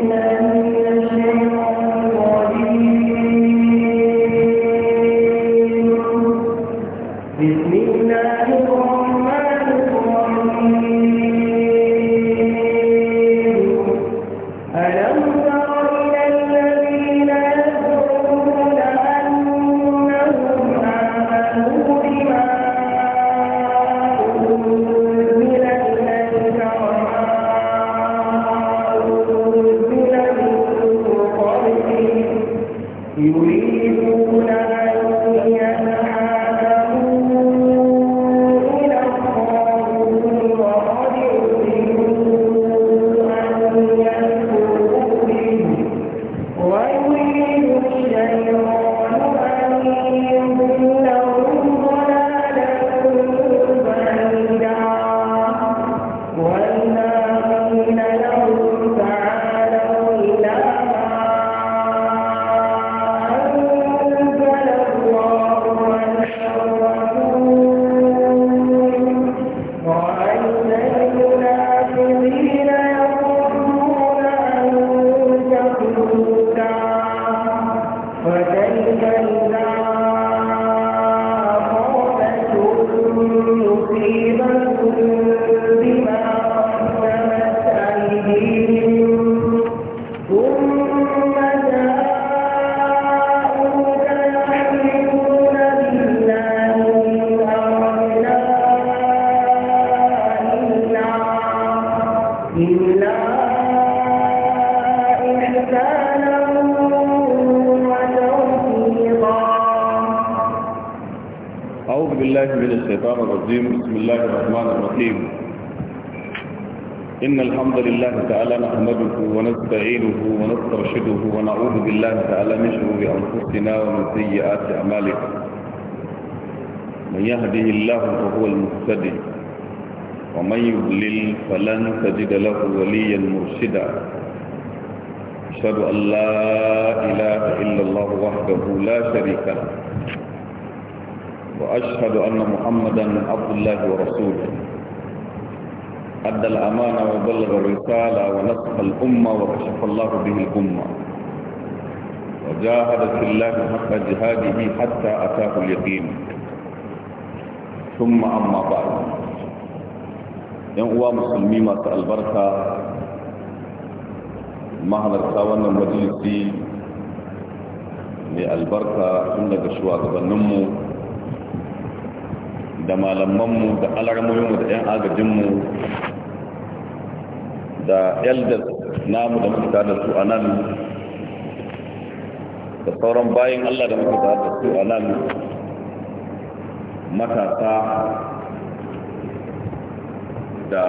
إنا بالله من الشيطان الرجيم بسم الله الرحمن الرحيم إن الحمد لله تعالى نحمده ونستعينه ونسترشده ونعوذ بالله تعالى من شرور أنفسنا ومن سيئات أعمالنا من يهده الله فهو المهتدي ومن يضلل فلن تجد له وليا مرشدا أشهد أن لا إله إلا الله وحده لا شريك له وأشهد أن محمدا عبد الله ورسوله أدى الأمانة وبلغ الرسالة ونصح الأمة وكشف الله به الأمة وجاهد في الله حق جهاده حتى أتاه اليقين ثم أما بعد ينقوى مسلمين البركة بركة wannan majalisi مجلسي لألبركة tun daga shugabanninmu da malamanmu da alarmoyinmu da 'yan agajinmu da elders namu da muka da su a nan da sauran bayan Allah da muka da da su a nan matasa da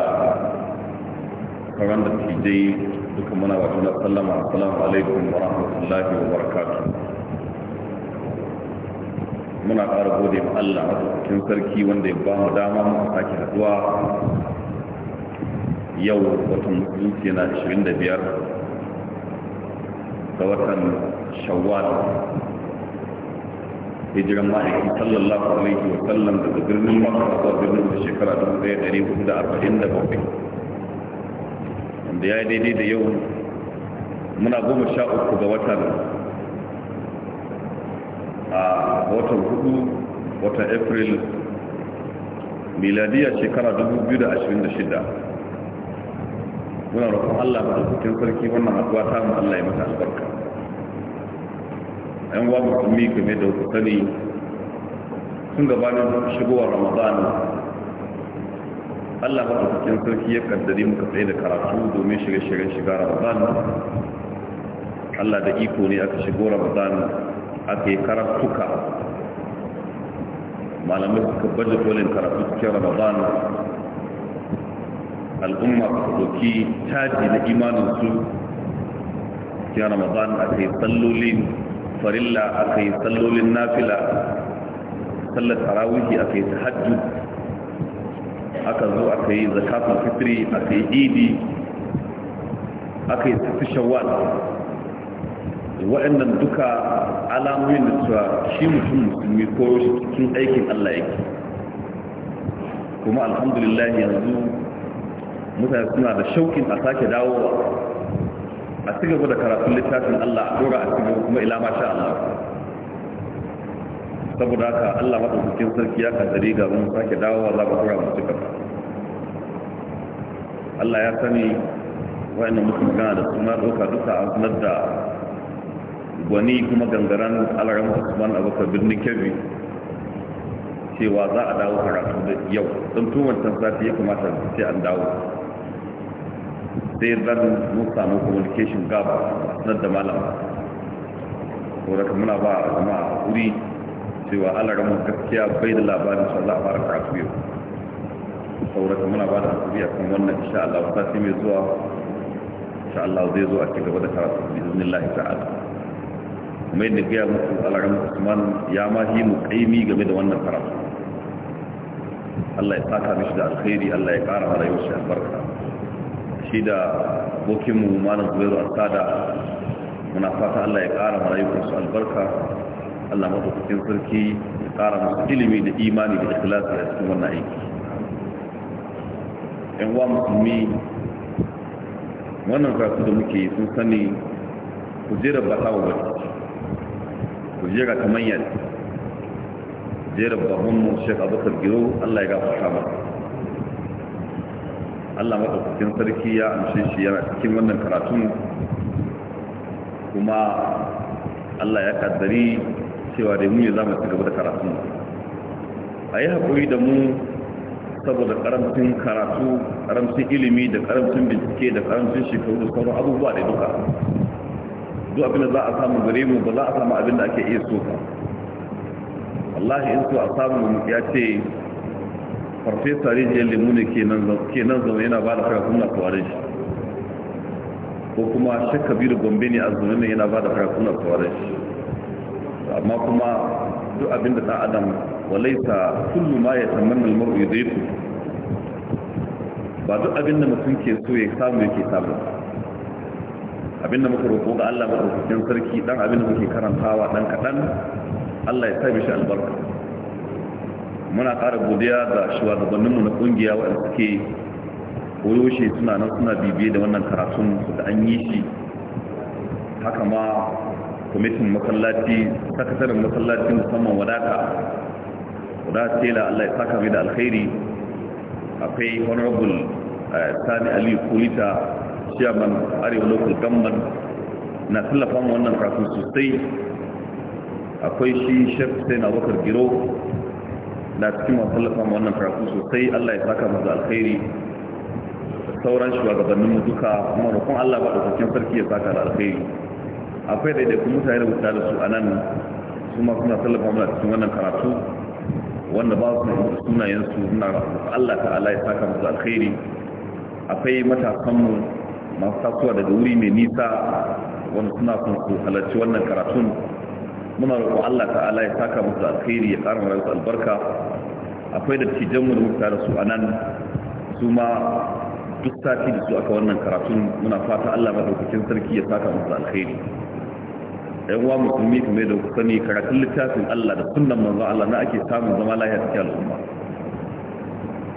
sauran da tijai duka muna wa na sallama assalamu alaikum wa rahmatullahi wa barakatuh muna ƙara gode ma Allah cikin sarki wanda ya ba mu dama mu sake haduwa yau watan musulunci yana 25 da watan shawwal hijiran ma'aiki sallallahu alaihi wa sallam daga birnin makar zuwa birnin da shekara 1447 wanda ya yi daidai da yau muna goma sha uku ga watan a watan hudu watan april miladiyar shekara 2026 muna rufin allah ba alkutin sarki wannan haduwa ta mu allah ya mata albarka yan wa musulmi game da wasu sani sun gabanin shigowar ramadan allah ba alkutin sarki ya kaddari muka tsaye da karatu domin shirye-shiryen shiga ramadan allah da iko ne aka shigo ramadan aka yi karatuka malamai suka baje kolin karatu cikin ramadan al'umma su doki caji na imaninsu cikin ramadan aka yi tsallolin farilla aka yi tsallolin nafila sallar tarawihi aka yi aka zo aka yi zakatun fitri aka yi idi aka yi tafi shawwal waɗannan duka alamomin da cewa shi mutum musulmi ko cikin aikin Allah yake kuma alhamdulillah yanzu mutane suna da shaukin a sake dawowa a ci gaba da karatun littafin Allah a dora a ci gaba kuma ila masha Allah saboda haka Allah maɗaukakin sarki ya kasari ga mun sake dawowa za mu dora mu ci gaba Allah ya sani wa'annan mutum gana da suna doka duka a sanar da wani kuma gangaren alaran usman abubakar birnin kebbi cewa za a dawo karatu da yau don tuwon tanzati ya kamata sai an dawo sai zan mun samu communication gab na da malama ko da muna ba a zama a wuri cewa alaran mu gaskiya bai da labarin su za a fara karatu yau saurata muna ba da a kan wannan insha Allah sati mai zuwa insha Allah zai zo a cigaba da karatu bi iznillahi ta'ala Mai yadda gaya muku alaran usman ya mahi mu kaimi game da wannan karatu Allah ya saka mishi da alkhairi Allah ya kara mana yau shi albarka shi da bokinmu malam zubairu al-sada muna fata Allah ya kara mana yau shi albarka Allah madaukakin sarki ya kara musu ilimi da imani da ikhlasi a cikin wannan aiki yan wa musulmi wannan karatu da muke sun sani kujerar ba ta wa kujera ta manyan jerar babanmu shek abokar giro allah ya gafarta masa allah maɗaukakin sarki ya amshe shi yana cikin wannan karatun kuma allah ya kaddari cewa da mu ne za mu ci gaba da karatun a yi haƙuri da mu saboda karamcin karatu karamcin ilimi da karamcin bincike da karamcin shekaru da sauran abubuwa da duka duk abin da za a samu gare mu ba za a samu abin da ake iya so ba wallahi in so a samu ya ce farfesa rijiyar limu ne ke nan zaune yana ba da karakun na tsawarin shi ko kuma shakka kabiru gombe ne a zaune yana ba da karakun na tsawarin shi amma kuma duk abin da ɗan adam walaita kullu ma ya tamanna almar'u yudaitu ba duk abin da mutum ke so ya samu yake samu abinda muka roƙo ga Allah madaukakin sarki dan abinda muke karantawa ɗan kaɗan Allah ya sa mishi albarka muna ƙara godiya ga shugabanninmu na ƙungiya waɗanda suke koyo shi suna nan suna bibiye da wannan karatun da an yi shi haka ma kwamitin masallaci sakatarin masallaci musamman wadata wadata tela allah ya saka mai da alkhairi akwai honorable eh, sani aliyu kulita ciyaman arewa local government na tallafa wannan kafin sosai akwai shi chef hussein abubakar giro na cikin masu tallafa mu wannan kafin sosai allah ya saka masu alkhairi sauran shugabannin duka kuma roƙon allah ba da sarki ya saka da alkhairi akwai kuma mutane da da su a nan su ma suna tallafa mu cikin wannan karatu wanda ba su da sunayensu suna Allah ta'ala ya saka musu alkhairi akwai matasanmu masu tasowa daga wuri mai nisa wani suna sun su halarci wannan karatun muna roƙo Allah ta'ala ya saka musu alkhairi ya ƙara musu albarka akwai da tijanmu da muka da su a nan su ma duk sati da su aka wannan karatun muna fata Allah madaukakin sarki ya saka musu alkhairi yan uwa musulmi kamar da ku sani karatun littafin Allah da sunnan manzo Allah na ake samun zama lafiya cikin al'umma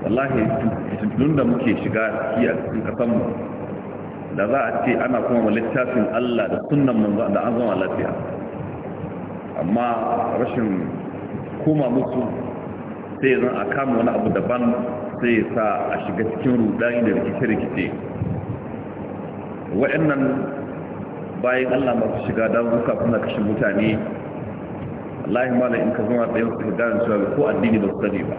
wallahi tun da muke shiga cikin kasan mu da za a ce ana kuma littafin Allah da sunnan manzo da an zama lafiya amma rashin koma musu sai zan a kama wani abu daban sai sa a shiga cikin rudani da rikice-rikice wa'annan bayan Allah masu shiga damuka suna kashe mutane Allah mala in ka zama ɗayan su gane cewa ko addini ba su sani ba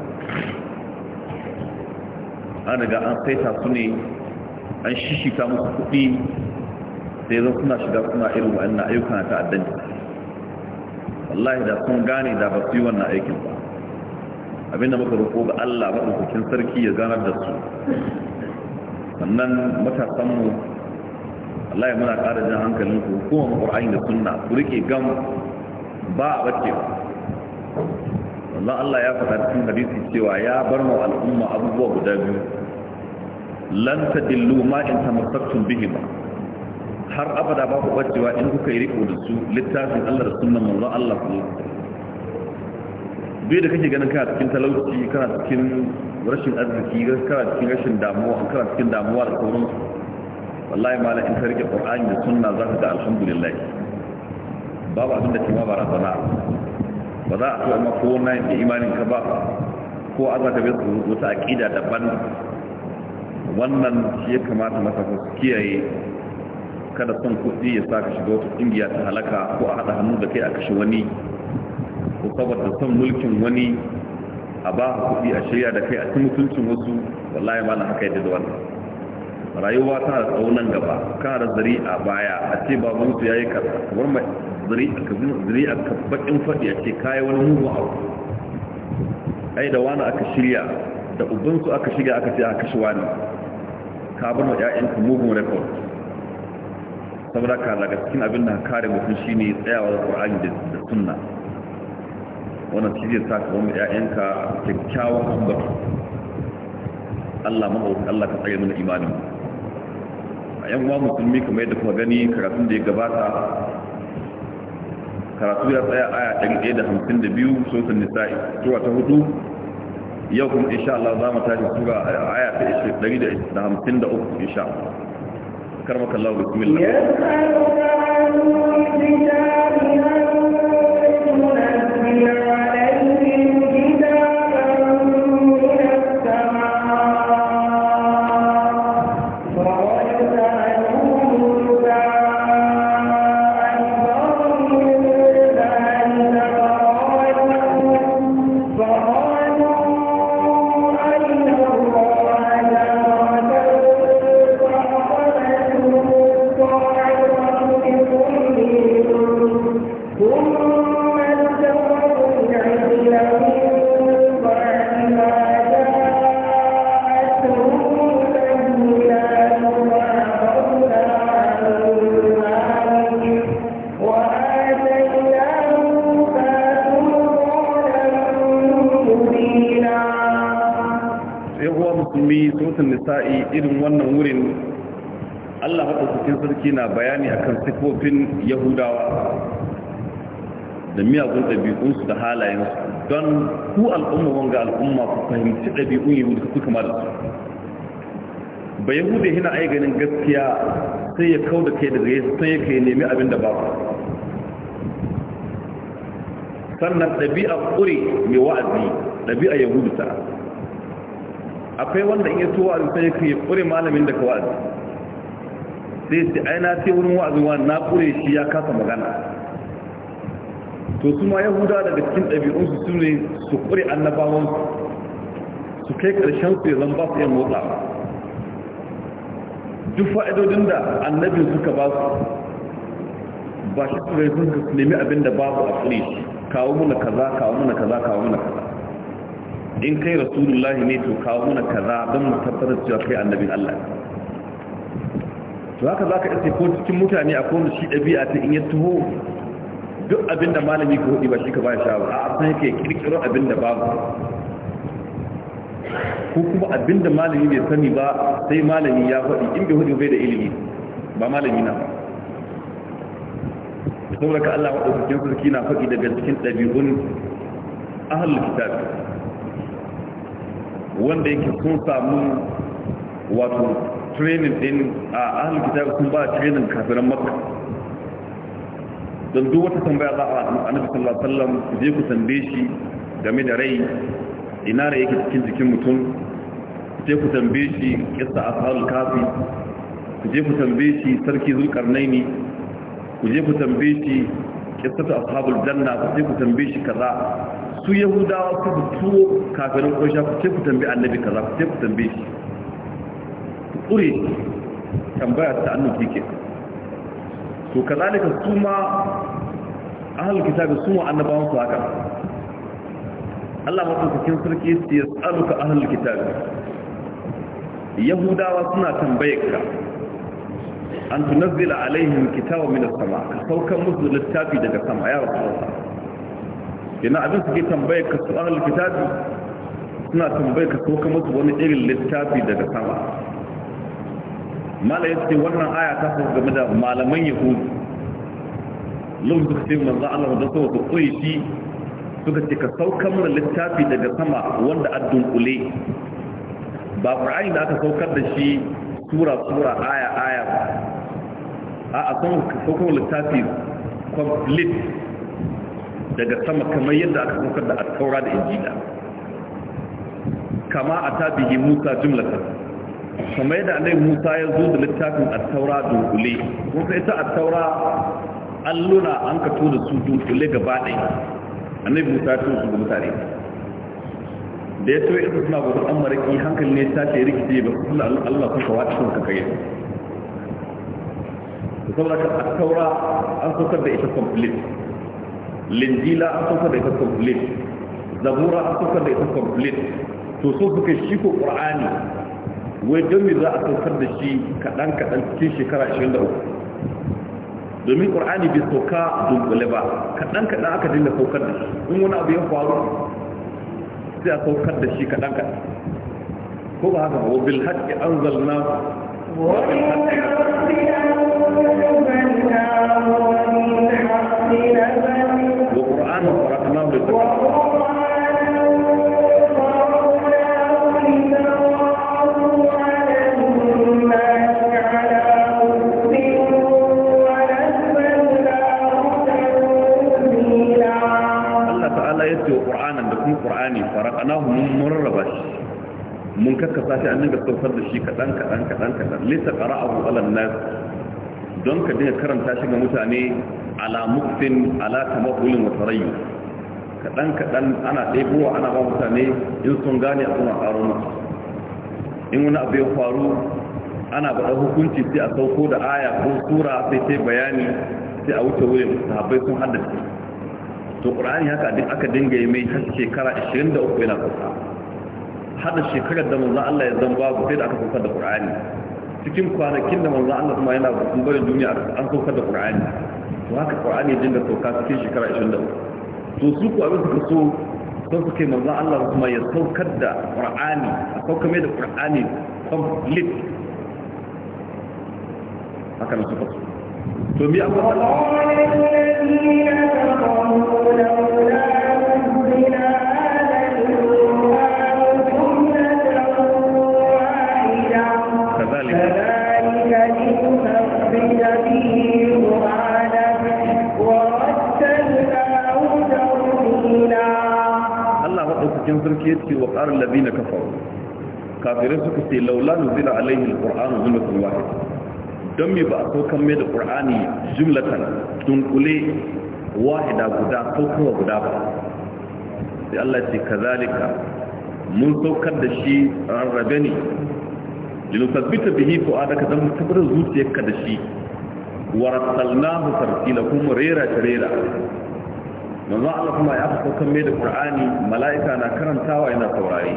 an daga an saita su ne an shishika musu kuɗi sai zan suna shiga suna irin wa'annan ayyuka na ta'addanci wallahi da sun gane da ba su yi wannan aikin ba abinda muka roƙo ga Allah maɗaukakin sarki ya ganar da su sannan matasanmu wallahi muna ƙara jan hankalin ku kuma ƙur'ani da sunna ku rike gam ba a bace wannan Allah ya faɗa cikin hadisi cewa ya bar mu al'umma abubuwa guda biyu lan tadillu ma in tamassaktum ba. har abada ba ku bacewa in kuka yi riko da su littafin Allah da sunnan manzon Allah ku bai da kake ganin kana cikin talauci kana cikin rashin arziki kana cikin rashin damuwa kana cikin damuwa da sauran wallahi mala in ka rike qur'ani da sunna za ka ga alhamdulillah babu abinda da ke ma barazana ba za a so amma ko wannan imanin ka ba ko azaka bai wata aqida daban wannan shi ya kamata matasa su kiyaye kada son kudi ya sa ka shiga wata ƙungiya ta halaka ko a haɗa hannu da kai a kashe wani ko saboda son mulkin wani a ba kuɗi a shirya da kai a cikin mutuncin wasu wallahi ma na haka yadda da wannan rayuwa ta da tsaunan gaba kana da zari a baya a ce baban su yayi ka kamar mai zari a kabin zari a kabbakin faɗi a ce kayi wani mugun abu ai da wani aka shirya da ubansu aka shiga aka ce aka kashe wani sabon wa ƴaƴanku mugun rekod saboda ka daga cikin abin da kare mutum ne tsayawa da Qur'ani da sunna wannan shi zai sa ka wani ƴaƴanka kyakkyawan ambato Allah mahaukar Allah ka tsare mana imanin a yan uwa musulmi kuma yadda kuma gani karatun da ya gabata karatu ya tsaya aya 152 sosan nisa'i zuwa ta hudu yau kuma insha Allah za mu tashi sura aya ta 153 insha Allah karmakallahu bismillah akan ɗabi'unsu da halayensu don ku al'umma wanga al'umma ku fahimci ɗabi'un yahudu su kuka mara su ba yahudu yana ai ganin gaskiya sai ya kau da kai daga yasa sai ya kai nemi abin da babu sannan ɗabi'a ƙuri mai wa'azi ɗabi'a yahudu ta akwai wanda in yato wa'azi sai ya kai ƙure malamin da ka wa'azi sai sai aina sai wurin wa'azi wa na ƙure shi ya kasa magana to su ma yahuda daga cikin ɗabi'unsu su ne su ƙuri annabawansu su kai ƙarshen su ya zamba su yan motsa duk fa'idodin da annabin suka ba su ba shi su sun ka nemi abin da babu a tsiri kawo muna kaza kawo muna kaza kawo muna kaza in kai rasulullahi ne to kawo muna kaza don mu tabbatar cewa kai annabin allah to haka za ka ɗace ko cikin mutane a kowane shi ɗabi'a ta in ya taho duk abinda malami ka hudi ba shi ka ba sha ba a san yake kirkiro abinda babu ko kuma abinda malami bai sani ba sai malami ya faɗi in bai hudu bai da ilimi ba malami na ba saboda ka Allah waɗaukakin sarki na faɗi daga cikin ɗabi'un ahalul kitab wanda yake sun samu wato training din a ahalul kitab sun ba training kafiran makka don duk wata tambaya za a annabi sallallahu alaihi wasallam je ku tambaye shi game da rai ina rai yake cikin jikin mutum je ku tambaye shi kissa ashabul kafi ku je ku tambaye shi sarki zulkarnaini ku je ku tambaye shi kissa ashabul janna ku je ku tambaye shi kaza su yahudawa ku tuwo kafirin kursha ku je ku tambaye annabi kaza ku je ku tambaye shi ku tsure tambaya ta annabi kenan to kazalika su ma ahlul kitabi su ma annabawan su haka Allah madaukakin sarki su yace yasaluka ahlul kitabi yahudawa suna tambayarka an tunazzila alaihim kitaba min as-sama ka saukan musu littafi daga sama ya rasulullah ina abin suke tambayar ka su ahlul kitabi suna tambayar ka saukan musu wani irin littafi daga sama mala ya ce wannan aya ta fi game da malaman yahudu lokacin suka ce manzo Allah da so su koyi shi suka ce ka saukar mana littafi daga sama wanda a dunkule ba Qur'ani da aka saukar da shi sura sura aya aya ba a a san ka saukar littafi complete daga sama kamar yadda aka saukar da at da Injila kama atabihi Musa jumlatan kamar yadda annabi Musa ya zo da littafin at-taura dunkule ko sai ta at-taura alluna an ka tura su dunkule gaba ɗaya annabi Musa ya tura su ga mutane da ya tura ita suna gudu an maraki hankali ne ta ce rikice ba su suna Allah sun kawo cikin ka kai saboda ka at-taura an saukar da ita complete linjila an saukar da ita complete zabura an saukar da ita complete to so suka shi ko qur'ani wai don za a saukar da shi kaɗan kaɗan cikin shekara 23 domin ƙur'ani bai sauka dunkule ba kaɗan kaɗan aka dinga saukar da shi in wani abu ya faru sai a saukar da shi kaɗan kaɗan ko ba haka wa bil haqqi anzalna wa bil wani anzalna ma'ana mun rarraba shi mun kakkasa shi an dinga saukar da shi kaɗan kaɗan kaɗan kaɗan lisa ƙara abu alam na don ka dinga karanta shi ga mutane ala muktin ala tamahulin wa tarayyu kaɗan kaɗan ana wa ana ba mutane in sun gane a kuma ƙaro musu in wani abu ya faru ana baɗa hukunci sai a sauko da aya ko sura sai sai bayani sai a wuce wurin sahabbai sun haddace to ƙur'ani haka din aka dinga yi mai har shekara 23 yana kusa hada shekarar da manzo Allah ya zan babu sai da aka kusa da ƙur'ani cikin kwanakin da manzan Allah kuma yana kusa barin duniya an kusa da ƙur'ani to haka ƙur'ani ya dinga sauka cikin shekara 23 to su ku abin suka so sun su kai Allah kuma ya saukar da ƙur'ani a saukar mai da ƙur'ani complete haka na suka so to mi cikin sarki ya ce wa ƙarar labina kafaru kafirai suka ce laula nuzila alaihi alƙur'anu zulmatun wahid don me ba a saukan mai da ƙur'ani jumlatan dunkule wahida guda saukowa guda ba sai Allah ce kazalika mun saukar da shi rarrabe ne linusabbita bihi fu'adaka dan mutabbar zuciyarka da shi warasalnahu tartila kuma rera ta rera manzo Allah kuma ya fi saukan mai da Qur'ani mala'ika na karantawa yana saurare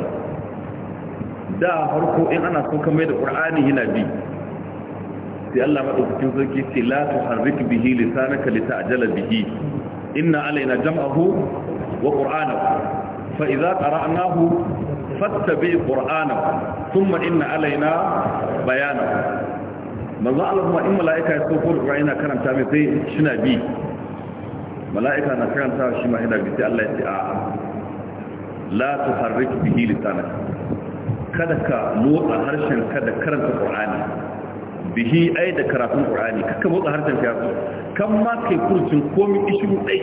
da farko in ana saukan mai da Qur'ani yana bi sai Allah madaukakin sarki ce la tuharrik bihi lisanaka lita'jala bihi inna alaina jam'ahu wa qur'anahu fa idza qara'nahu fattabi qur'anahu thumma inna alaina bayanahu manzo Allah kuma in mala'ika ya so Qur'ani ina karanta mai sai shina bi mala'ika na karanta shi ma ina bi sai Allah ya ce a'a la tuharrik bihi lisanaka kada ka motsa harshen kada karanta qur'ani bihi ai da karatun qur'ani kaka motsa harshen ka kan ma kai kurcin komai ishirin dai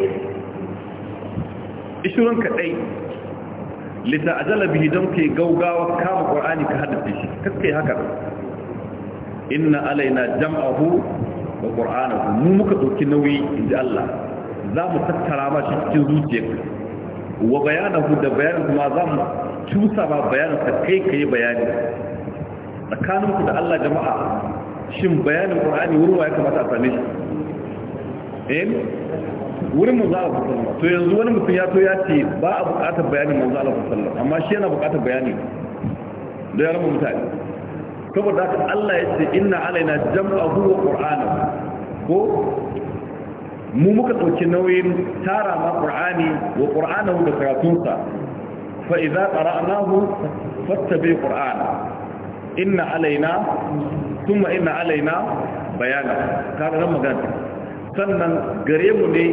ishirin ka dai lita ajala bihi don kai gaugawa kama qur'ani ka haddace shi kaka haka inna alaina jam'ahu wa qur'anahu mu muka dauki nauyi inji Allah za mu tattara ma shi cikin zuciyarka wa bayanahu da bayan kuma za mu cusa ba bayanin ka kai kai bayani tsakaninku da Allah jama'a shin bayanin qur'ani wurin wa ya kamata a same shi eh wurin manzo Allah sallallahu to yanzu wani mutum ya to ya ce ba a buƙatar bayanin manzo Allah amma shi yana buƙatar bayani da yaran mutane saboda haka Allah ya ce inna alaina jam'ahu wa qur'ana ko mu muka dauki nauyin tara ma qur'ani wa qur'anahu da karatunsa fa idza fattabe fattabi qur'ana inna alaina tumma ina alaina bayana kaɗarar magana sannan gare mu ne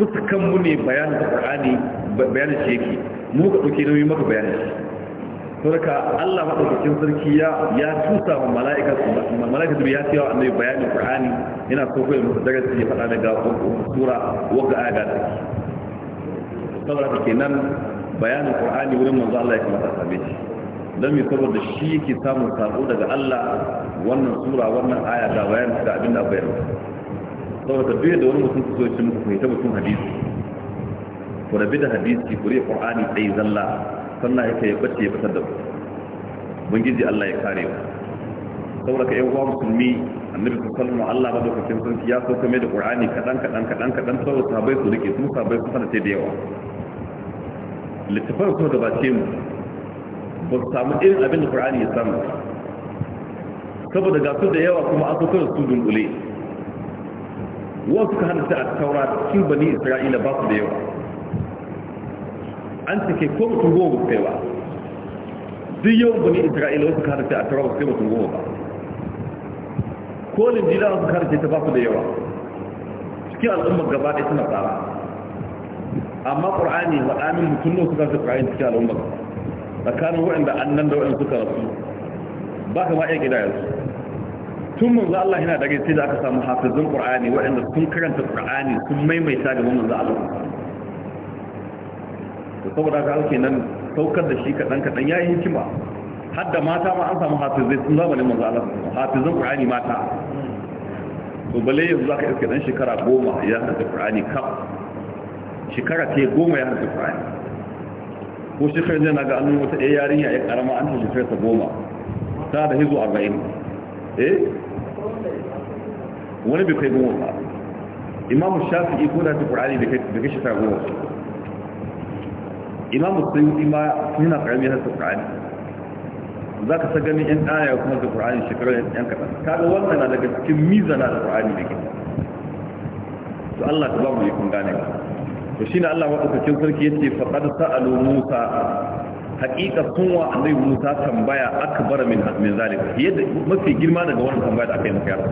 mu ne bayanin da ƙar'ani bayanin shi yake mu ka dauke nauyi maka bayanin shi sarka allah maɗaukakin sarki ya tusa wa mala'ika mala'ika da ya tsaya wa annabi bayanin qur'ani yana so kawai musu daga ya faɗa daga sura wagga aya da take saboda kenan bayanin qur'ani wurin manzo allah ya kamata a shi don mai saboda shi ke samun sako daga Allah wannan sura wannan aya ga bayan da abin da bayan saboda duk da wani mutum ku so shi muku fahimta mutum hadisi ku rabi da hadisi ku riƙe qur'ani dai zalla sannan yake ya bace ya fitar da ku ubangiji Allah ya kare ku saboda ka yan uwa musulmi annabi sallallahu Allah ba dokokin sun ya so kame da qur'ani kaɗan-kaɗan-kaɗan, kadan saboda sahabbai su rike su sahabbai su sanar da yawa littafin su gabace mu ba su samu irin abin da qur'ani ya samu saboda ga su da yawa kuma an sokar su dunkule wasu ka hana hannata a taura cikin bani isra'ila ba su da yawa an cike ko mutum goma ba kai ba duk yawan bani isra'ila wasu ka hana hannata a taura ba su kai mutum goma ba kolin jila wasu ka hannata ta ba su da yawa cikin al'ummar gaba ɗaya suna tsara amma ƙur'ani waɗamin mutum ne suka fi ƙur'ani cikin al'ummar tsakanin waɗanda annan da waɗanda suka rasu ba ka ma iya gida yanzu tun manzo Allah yana da gaske da aka samu hafizin Qur'ani waɗanda sun karanta Qur'ani sun maimaita ga manzo Allah da saboda haka ake nan saukar da shi kaɗan kaɗan ya yi hikima hadda mata ma an samu hafizai sun zamanin manzo Allah hafizin Qur'ani mata to bale yanzu ka iske ɗan shekara goma ya hadda Qur'ani kaf shekara ce goma ya hadda Qur'ani ko shekar jana ga annan wata ɗaya yarinya ya ƙarama, an hajjifar ta goma ta da hizo arba'in eh wani bai kai goma ba imamu shafi'i ko da ta ƙur'ani da kai shekara goma imamu sayyidi ma suna ƙarami har ta ƙur'ani za ka san ganin 'yan ɗaya kuma da ƙur'ani shekarar 'yan kaɗan kaga wannan na daga cikin mizana da ƙur'ani da gina to Allah ta ba mu yi kun gane ba to shine Allah madaukakin sarki yace qad sa'alu Musa haqiqa sunwa annabi Musa tambaya akbar min min zalika yadda mafi girma daga wannan tambaya da aka yi maka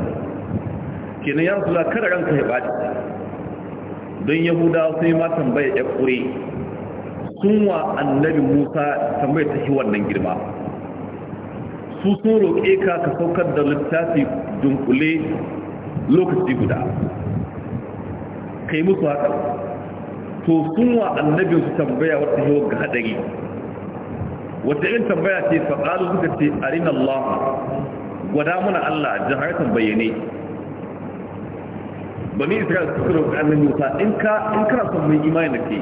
kenan ya rasulullah kada ranka ya bada don yahuda sai ma tambaya ya kure sunwa annabi Musa tambaya ta shi wannan girma su sun roƙe ka ka saukar da littafi dunkule lokaci guda kai musu haka to sun wa annabin su tambaya wata yau ga hadari wata irin tambaya ce faƙalu suka ce arin Allah gwada muna Allah jaharatan bayyane bani isra'il suka roƙi annabi musa in ka in kana son mai imani da ke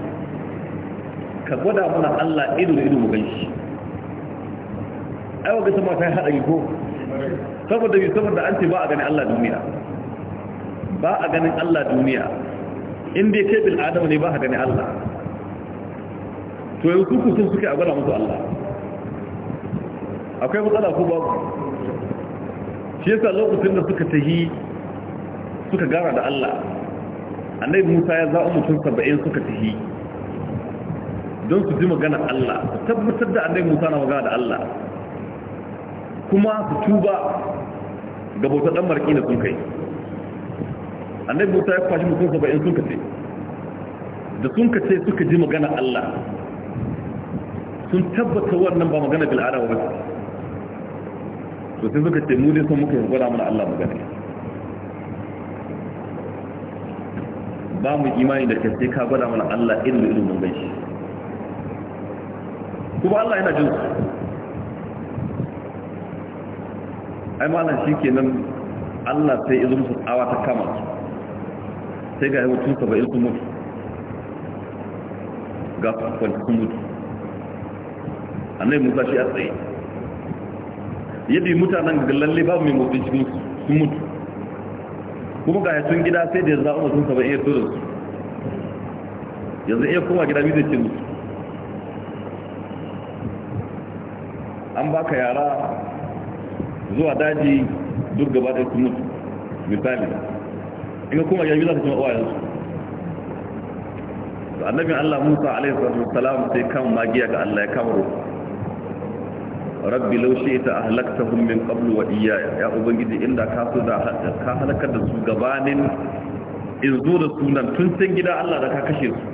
ka gwada muna Allah ido da ido mu gan shi ai wa gasa mata ya haɗa ko saboda bi saboda an ce ba a ganin Allah duniya ba a ganin Allah duniya inda ya ce bil adam ne ba haka Allah to yanzu ku suke a gwada musu Allah akwai matsala ko babu shi yasa lokacin da suka tahi suka gara da Allah annabi Musa ya za'a mutum 70 suka tahi don su ji magana Allah su tabbatar da annabi Musa na magana da Allah kuma su tuba ga bautar ɗan marki na sun annabi musa ya kwashi mutum saba'in sun kace da sun kace suka ji magana allah sun tabbata wannan ba magana bil'ada ba to sai suka ce mu ne sun muka gwada mana allah magana ba mu imani da kai ka gwada mana allah irin irin mun bai kuma allah yana jin su ai malam shi kenan allah sai izu musu tsawa ta kama su sai ga yawancin saba'in sun mutu ga kwanci sun mutu annai musa shi a tsaye yadda mutanen ga lalle babu mai motsin cikin sun mutu kuma ga yasun gida sai da ya za'a mutum saba'in ya turu su yanzu iya kowa gida biyu da ce musu an baka yara zuwa daji duk gaba da sun mutu misali in kuma yayi za ka kuma uwayensu annabin Allah Musa alaihi salatu wassalam sai kan magiya ga Allah ya kamaro rabbi law shi'ta ahlaktahum min qablu wa iyaya ya ubangiji inda ka so da ka halakar da su gabanin in zo da sunan tun san gida Allah da ka kashe su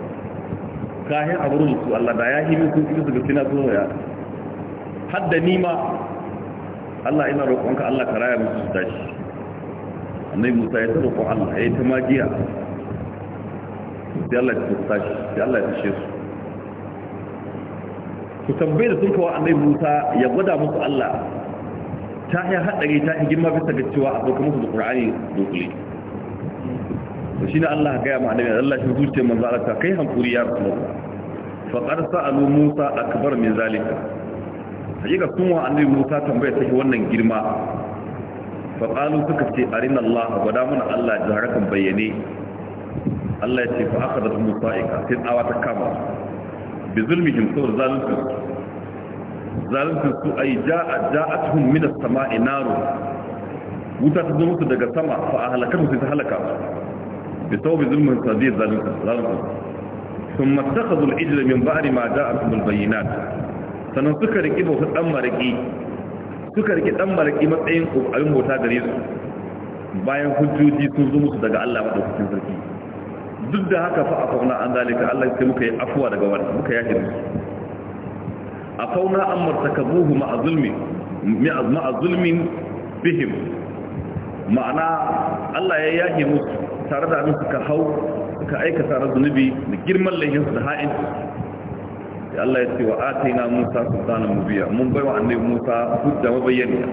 kahin aburun su Allah da ya himi su su ga sina so ya hadda nima Allah ina roƙonka Allah ka raya musu su tashi annai musa ya taba kwan allah ya yi ta magiya da allah ya tafta da allah ya tashe su ku tambaye da sun kawo annai musa ya gwada musu allah ta yi haɗari ta yi girma bisa ga cewa a ɗauka musu da ƙur'ani dokule to shi ne allah gaya ma annabi allah shi zuciya manzo allah ta kai hankuri ya rasu fa qarsa alu musa akbar min zalika hakika sun wa annabi musa ta take wannan girma faƙalu suka ce arina Allah gwada muna Allah da harakan bayyane Allah ya ce fa aka da sun sa'ika sai tsawa ta kama bi zulmihim saboda zalunsu zalunsu su ai ja'a ja'atuhum min sama samai naru wuta ta zo musu daga sama fa a halakar musu ta halaka bi tawbi zulmin sadi zalunsu zalunsu ثم اتخذوا العجل من بعد ما جاءتهم bayyana. sannan suka riƙi bautar ɗan maraƙi suka rike dan malaki matsayin abin bauta gare su bayan hujjoji sun zo musu daga Allah madaukakin sarki duk da haka fa afauna an zalika Allah sai muka yi afwa daga wannan muka yake musu afauna an martakabuhu ma'a zulmi ma'a zulmin bihim ma'ana Allah ya yaki musu tare da abin suka hau suka aikata na zunubi da girman laihinsu da ha'in sai Allah ya ce wa na Musa sultanan mubiya mun bai wa annabi Musa hujja mabayyana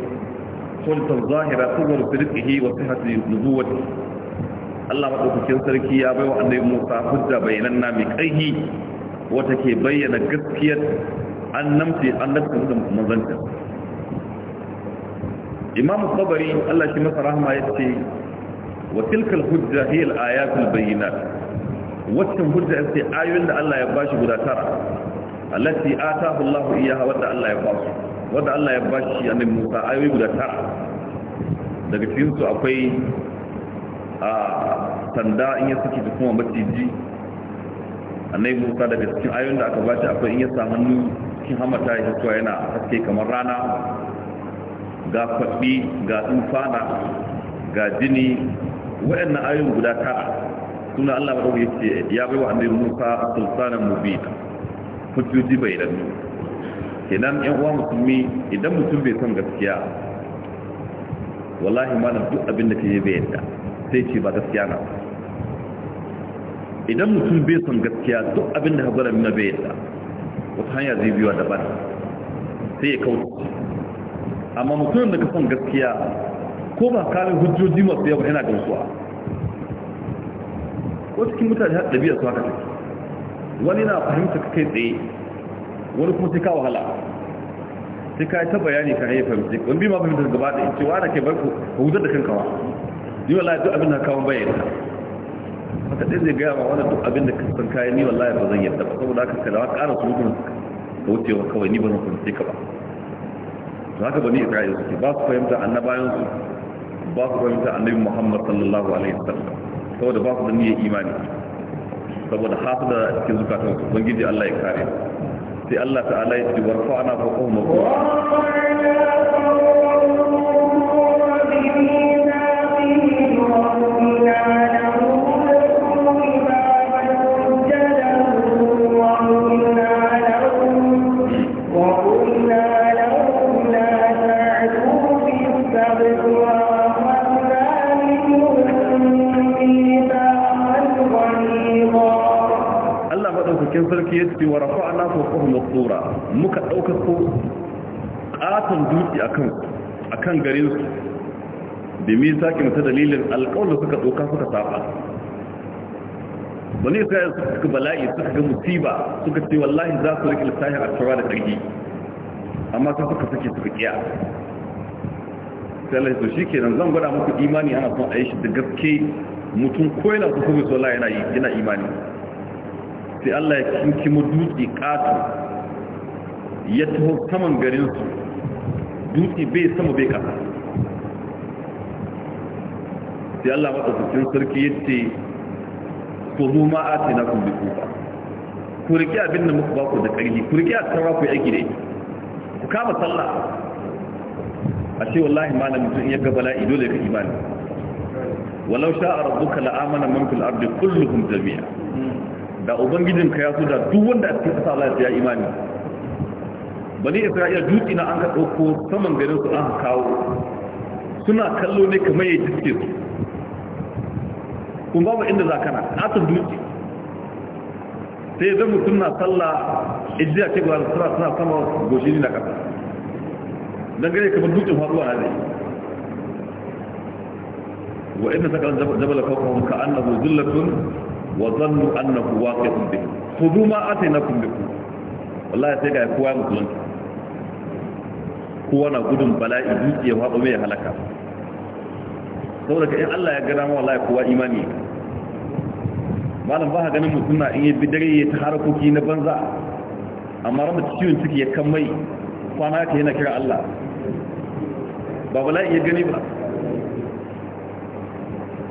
sultan zahira tuwar sirqihi wa sihhati nubuwwati Allah madaukakin sarki ya bai wa annabi Musa hujja bayanan na mai ƙarfi wata ke bayyana gaskiyar annabci annabci da manzanta Imam Tabari Allah shi masa rahma yace wa tilka al-hujja hiya al-ayat al-bayyinat waccan hujja ya ce ayoyin da Allah ya bashi guda tara allati atahu Allah iyaha wadda Allah ya ba su Wanda Allah ya bashi annabi Musa ayoyi guda tara daga cikin su akwai a sanda in ya saki da kuma maciji annabi Musa daga cikin ayoyin da aka bashi akwai in ya samu hannu cikin hamata ya fito yana haske kamar rana ga kwaɓi ga tsufana ga jini waɗannan ayoyin guda tara suna Allah ya ce ya wa annabi Musa sultanan mubin hujjoji bai rannu kenan yan uwa musulmi idan mutum bai son gaskiya wallahi malam duk abin da ke bai yadda sai ce ba gaskiya na idan mutum bai son gaskiya duk abin da hagwara nuna bai yadda wata hanya zai biyuwa daban sai ya kauce amma mutum da ka son gaskiya ko ba kamin hujjoji masu yawa yana gamsuwa ko cikin mutane har ɗabi'a su haka take wani na fahimta ka kai tsaye wani kuma sai ka wahala sai ka yi ta bayani ka hanyar fahimta wani bi ma fahimta gaba ɗaya cewa ana kai barko ka wutar da kanka ba ni wallahi duk abin da kawon bayyana haka ɗin zai gaya ma wani duk abin da kasan kayan ni wallahi ba zan yadda ba saboda haka kalawa ƙara su mutum ka wucewa kawai ni ba zan sai ka ba to haka bani isra'ila suke ba su fahimta annabayansu ba su fahimta annabi muhammad sallallahu alaihi wasallam saboda ba su da niyyar imani saboda hasada a cikin zukatan su ubangiji Allah ya kare sai Allah ta'ala ya ce warfa'na fawqahum mawdu'a dora muka ɗaukar ko ƙaton dutse akan kan garinsu da mi sake mata dalilin alƙawar suka ɗauka suka saba wani sai suka bala'i suka ga musiba suka ce wallahi za su riƙe lissahin a tsawa da ƙarfi amma sai suka sake suka ƙiya sai to shi kenan zan gwada muku imani ana son a yi shi da gaske mutum ko yana kusa mai sola yana imani sai Allah ya mu dutse katon. ya taho saman garinsu dutse bai sama bai kasa sai Allah matsatsakin sarki ya ce ko zo ma a ce na kun bi kufa ku riƙe abin da muka baku da ƙarfi ku riƙe a tsara ku yi aiki da ita ku kama sallah a ce wallahi ma na mutum ya ga bala'i dole ka imani walau sha a ka la'amana man fil ardi kulluhum jami'a da ubangijinka ya so da duk wanda a cikin ƙasa Allah ya imani bani isra'ila dutse na an ka ɗauko saman garin su an kawo suna kallo ne kamar ya jiske su kun babu inda za kana ta dutse sai zan mutum suna sallah ijiya ce ga suna suna sama goshini na kasa don gare kamar dutsen faruwa na zai wa inda sakalan jabal kawo ka annahu zillatun wa dhannu annahu waqi'un bihim khudhu ma atainakum bikum wallahi sai ga kowa musulunci kowa na gudun bala'i dutse ya faɗo mai halaka saboda ka in Allah ya gana ma wallahi kowa imani malam ba ka ganin mutum na in yi bidare ya ta harakoki na banza amma ran da ciwon ciki ya kan mai kwana ka yana kira Allah ba bala'i ya gani ba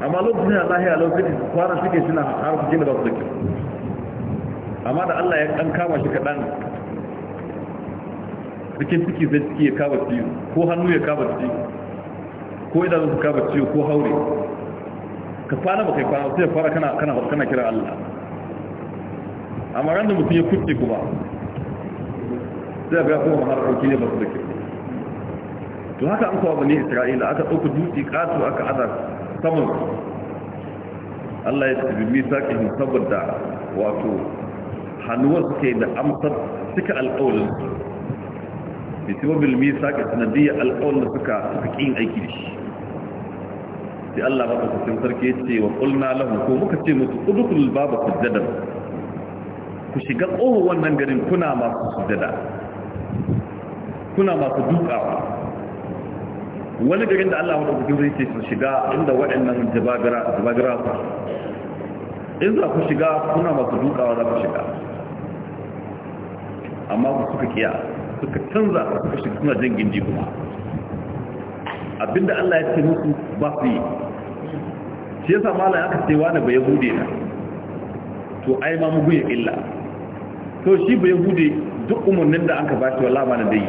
amma lokacin da lahiya lokacin kwana suke suna harakoki na ba su amma da Allah ya kan kama shi kaɗan bikin ciki zai ciki ya kaba ciwo ko hannu ya kaba ciwo ko idanu su kaba ciwo ko haure ka kwana ba kai kwana sai fara kana kana kana kira Allah amma ran da mutum ya kuce kuma sai ga ko kuma maharkoki ne ba su da to haka an kawo bane Isra'ila aka dauka duti katu aka aza saman Allah ya tabi misaqihi saboda wato hannuwar suke da amsar suka alƙawarin da tiwo bilmi sake sanadiyya alƙawar da suka suka ƙin aiki da shi sai Allah ba kusurcin sarki ya ce wa ƙulna lahu ko muka ce musu udukul babu sujjadar ku shiga tsohon wannan garin kuna masu jada, kuna masu dukawa wani garin da Allah wadda kuka zai ce su shiga inda waɗannan jabagara ba in za ku shiga kuna masu dukawa za ku shiga amma ku suka kiya suka canza suka shiga suna jan gindi kuma abinda Allah ya ce musu ba su yi shi yasa mala aka ce wani ba yahude na to ai ma mu ya illa to shi ba yahude duk umarnin da aka bashi wallahi ba na dai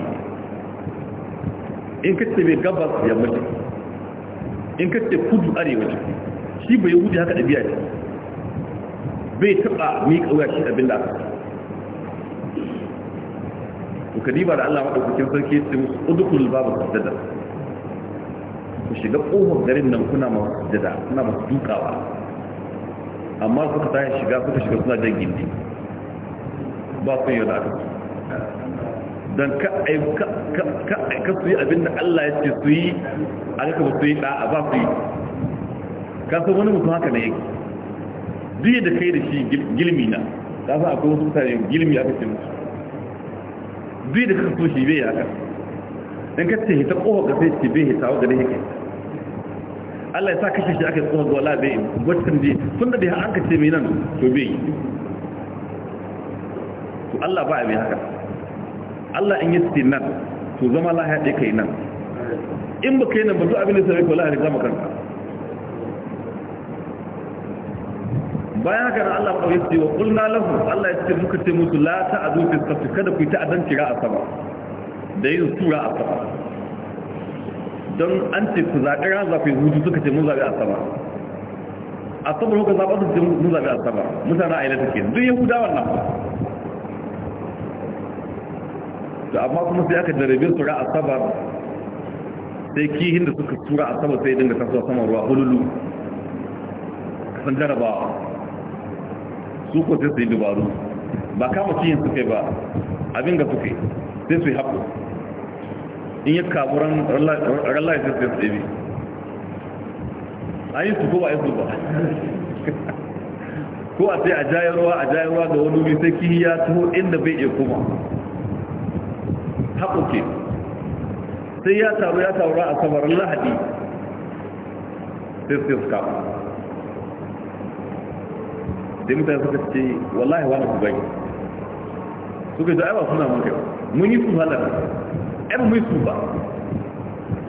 in ka ce bai gabas ya mutu. in ka ce kudu arewa ce shi ba yahude haka dabi'a ce bai taba miƙa wuya shi abinda aka to kadiba da Allah madaukakin sarki ya ce musu udkhul babu sajada ku shiga kofar garin nan kuna masu jada kuna masu dukawa amma suka tashi shiga suka shiga suna jan gindi ba su yi da aka don ka su yi abinda Allah ya ce su yi a ga ba su yi ɗa'a ba su yi kasar wani mutum haka na yake duk da kai da shi gilmi na sa akwai wasu mutane gilmi aka ce musu biyu da kaka so shi bai yaka in ka ce hita ƙofa ga sai ce bai hita wa gare hika Allah ya sa kashe shi aka yi ƙofa ga wala bai waccan bai tun da bai an ka ce mai nan to bai to Allah ba mai haka Allah in yi ce nan to zama lahiya ɗaya kai nan in ba kai nan ba to abin da sai ko lahiya zama kanka bayan haka da Allah kawai ce wa kulna lahu Allah ya ce muka ce musu la ta azu fi safi kada ku yi ta'addan kira a sama da yin sura a sama don an ce ku zaɓi ran zafi hutu suka ce mun zaɓi a sama a saman hukun zaɓa su ce mun zaɓi a sama mutane a ilata ke duk yahudawan nan To amma kuma sai aka jarabe su ra a sama sai kihin da suka tura a sama sai dinga tasowa sama ruwa hululu kasan jarabawa su ko sai su yi dubaru ba kama ciyin suke ba abin da suke sai su yi haku in yi kaburan rallaye sai su yi tsebi an yi su ko ba yi su ba ko a sai a jayarwa a jayarwa ga wani wuri sai kihiya tuho inda bai iya kuma haku ke sai ya taru ya taru a samarin lahadi sai su yi su sai mutane suka ce wallahi wani ku bai suka ji aiwa suna mun kai mun yi su halar ɗan mun su ba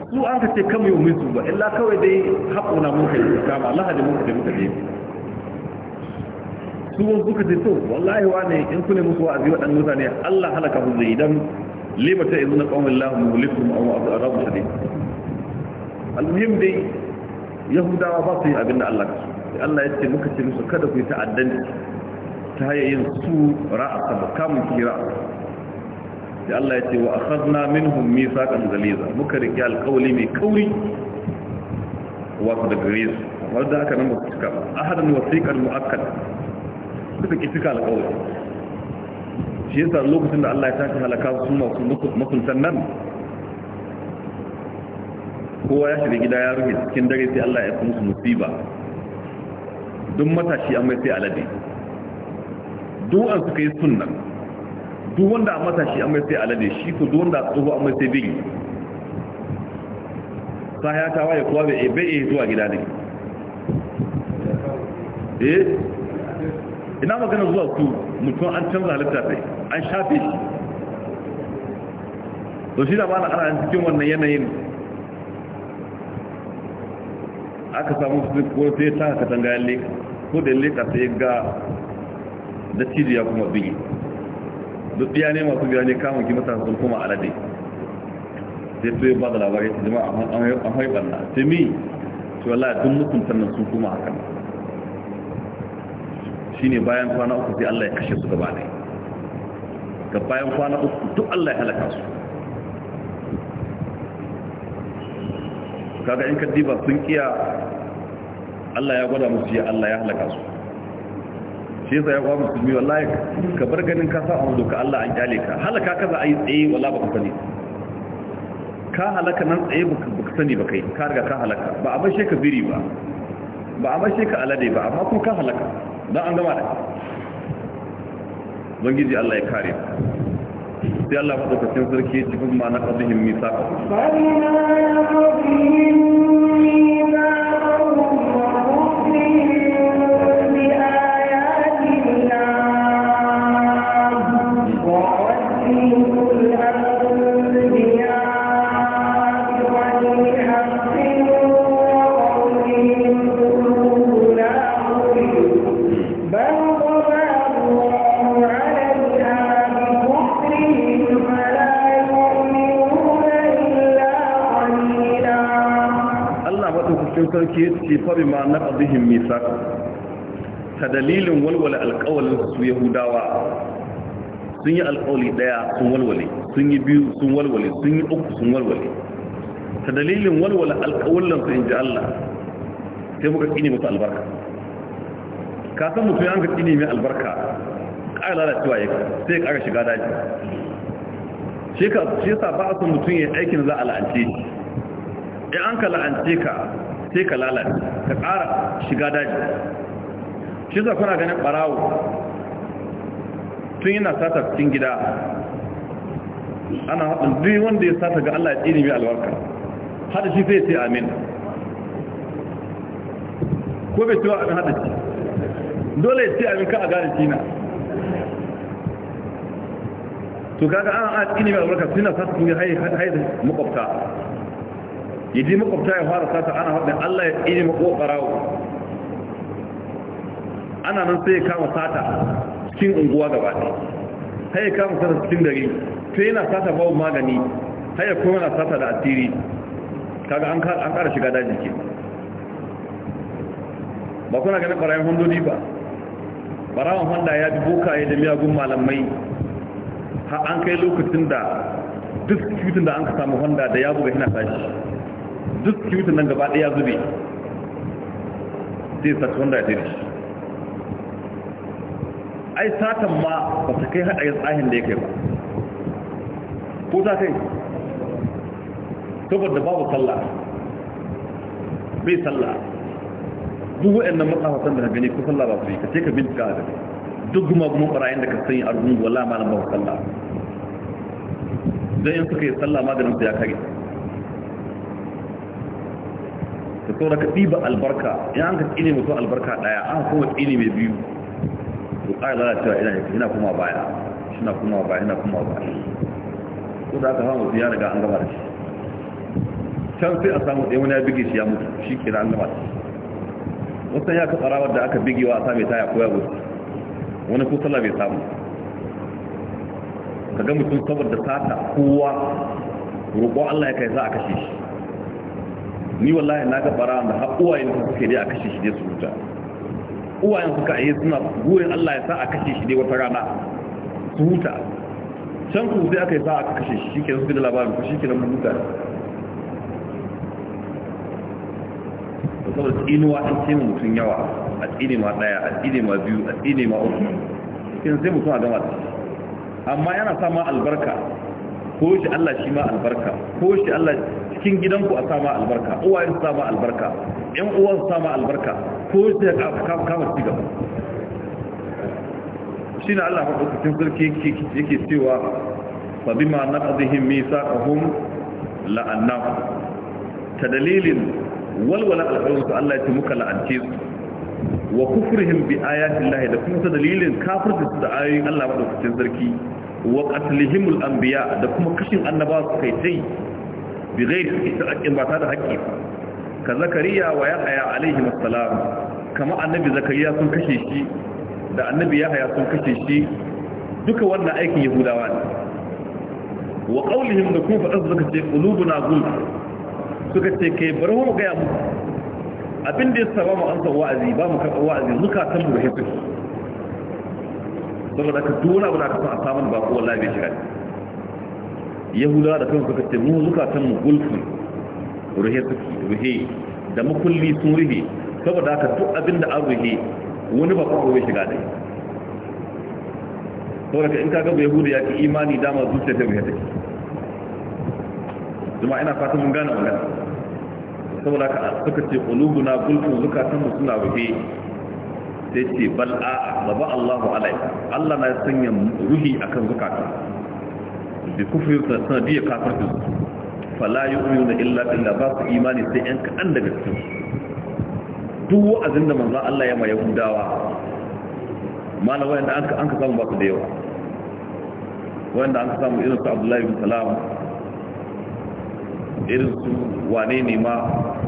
su an ka ce kama yi mai su ba illa kawai dai haƙuna mun kai su kama Allah da mun kai muka ne su wani suka ce to wallahi wani in ku ne musu wa'azi waɗan mutane Allah halaka mu zai idan lima ta izina ƙawon Allah mu hulikum a wa'azu a rabu shari al-muhim dai yahudawa ba su yi abin da Allah ka so sai Allah ya ce muka ce musu kada ku yi ta'addanci ta haya yin su ra'asa ba kamun ki ra'asa sai Allah ya ce wa akhadna minhum mithaqan ghaliza muka rike alƙawli mai kauri wato da gare su wanda aka nan ba su cika ahadan wasiqan muakkad suka ki cika alƙawli shi yasa lokacin da Allah ya tashi halaka su masu makuntan nan kowa ya shiga gida ya rufe cikin dare sai Allah ya kuma su musiba duk matashi an mai sai alade duwan suka yi sunna duk wanda a matashi an mai sai alade shi ko duk wanda a tsoho an mai sai bigi sa ya tawa ya kuwa bai bai zuwa gida ne eh ina magana zuwa ku mutum an canza halitta sai an shafe shi to shi da ba na ana cikin wannan yanayin aka samu su ko sai ta ka tanga yalle leka ko da leka sai ga da cijiya kuma biyu duk biya ne masu biya ne kamun ki masa sun kuma alade sai su yi ba da labarai su jima an hanyar banna. Ta mi ce wala tun mutuntan nan sun kuma haka shi ne bayan kwana uku sai allah ya kashe su gaba ne ga bayan kwana uku duk allah ya halaka su to kaga in kaddiba sun kiya Allah ya gwada musu ya Allah ya halaka su shi yasa ya kwa musulmi wallahi ka bar ganin ka sa abu doka Allah an kyale ka halaka ka za a yi tsaye wala baka sani ka halaka nan tsaye baka sani ba kai ka riga ka halaka ba a bashe ka biri ba ba a bashe ka alade ba amma ko ka halaka dan an gama da ubangiji Allah ya kare ka sai Allah madaukakin sarki ya ci kuma na qadhihim misaqa fa sarki ce ma na ƙazihin misa ta dalilin walwale alƙawalin su yahudawa sun yi alƙawali ɗaya sun walwale sun yi biyu sun walwale sun yi uku sun walwale ta dalilin walwale alƙawalin su in ji Allah sai muka ƙini musu albarka ka san mutum ya ka ƙini mai albarka ƙara lalacewa ya sai ƙara shiga daji shi ka sa ba a san mutum ya aikin za a la'ance shi in an ka la'ance ka sai ka lalata ka ƙara shiga daji shi za kuna ganin ɓarawo tun yana sata cikin gida ana haɗin duk wanda ya sata ga Allah ya tsini mai alwarka haɗa shi sai ce amin ko bai cewa abin haɗa shi dole ya ce amin ka a gane shi na to kaga an a tsini mai alwarka suna sata cikin haida makwabta ya ji makwabta ya fara sata ana haɗin Allah ya tsini makokarawo ana nan sai ya kama sata cikin unguwa gaba ɗaya haya ya kama sata cikin gari sai yana sata babu magani haya ya kuma na sata da asiri kaga an ƙara shiga daji ke ba kuna ganin ɓarayin hondoni ba ɓarawan honda ya bi bokaye da miyagun malamai har an kai lokacin da duk cutin da an ka samu honda da ya buga yana tashi duk kiwitin nan gaba ɗaya zube sai sa wanda ya tare shi ai satan ma ba ta kai haɗa ya tsahin da ya kai ba ko ta kai saboda babu sallah bai sallah duk waɗannan matsafatan da na gani ko sallah ba su yi ka ce ka bincika da duk gumagumin ɓarayen da ka sanya argungu wala malam ba sallah don yin suka yi sallah maganin su ya kage ka da ka ɗiba albarka in an ka tsine mutu albarka ɗaya an kuma tsine mai biyu to ƙara lalacewa ina yana kuma baya ina kuma baya yana kuma baya ko da aka samu ya riga an gaba da shi can sai a samu ɗaya wani ya bige shi ya mutu shi kira an gaba da shi wasan ya ka tsarawar da aka bigewa a same taya ko ya gudu wani ko sallah bai samu ka ga mutum saboda sata kowa roƙo Allah ya kai za a kashe shi ni wallahi na ga barawan da har uwayen su suke dai a kashe shi dai su huta uwayen suka yi suna gurin Allah ya sa a kashe shi dai wata rana su huta can ku sai aka yi sa aka kashe shi shikenan su da labarin ku shikenan mun huta saboda tsinuwa an ce mutum yawa a tsine ma daya a tsine ma biyu a tsine ma uku cikin sai mutum a gama amma yana sama albarka ko shi Allah shi ma albarka ko shi Allah cikin gidanku a sama albarka uwayen sama albarka ƴan uwan sama albarka ko shi ya kama ci gaba shi na Allah maɗaukacin sarki yake cewa ma na ƙazihin misa ƙahun la'annan ta dalilin walwala alƙawarsu Allah ya ce muka la'ance su wa kufurhim bi ayatin lahi da kuma ta dalilin kafirta su da ayoyin Allah maɗaukacin sarki wa qatlihim al-anbiya da kuma kashin annabawa kai tai bi ghairi istaqin ba ta da haƙƙi ka zakariya wa yahya alaihi assalam kama annabi zakariya sun kashe shi da annabi yahya sun kashe shi duka wannan aikin yahudawa ne wa qawlihim da kuma fadar suka ce na gul suka ce kai bari mu gaya mu abin da ya saba mu an san wa'azi ba mu karɓar wa'azi zukatan mu da hifi saboda ka dole abu da ka san a samun ba ko wallahi bai shiga yahudawa da kansu suka ce mu zukatan mu gulfin ruhe suke ruhe da makulli sun ruhe saboda haka duk abin da an ruhe wani ba kuma shiga dai. saboda ka in ka gaba yahudu ya ki imani dama zuciya ta ruhe take zuma ina fatan mun gane magana saboda ka suka ce qulubuna gulfin zukatan mu suna ruhe sai ce bal a'a baba Allahu ala'i, Allah na sanya ruhi akan zukata bi kufri ta sanadiyya su. fala yu'minu illa illa ba su imani sai yan kadan daga cikin duk wa'azin da manzo Allah ya ma yahudawa malama wanda an ka an ka samu ba su da yawa wanda an ka samu irin su Abdullahi bin Salam irin su wane ne ma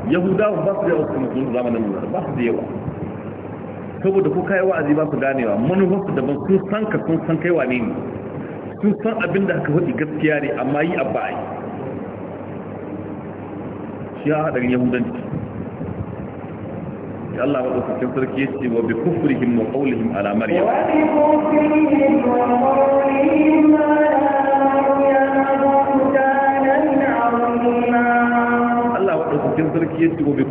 yahudawa ba su da yawa su zamanin ba su da yawa saboda ku kai wa'azi ba su ganewa manufar su daban sun san ka sun san kai wane ne sun san abin da aka faɗi gaskiya ne amma yi abba ai shi ya haɗarin yahudanci ya Allah wa ɗaukakin sarki ya ce wa bi kufrihim wa qawlihim ala maryam wa bi kufrihim wa qawlihim ala Allah wa ɗaukakin sarki ya ce wa bi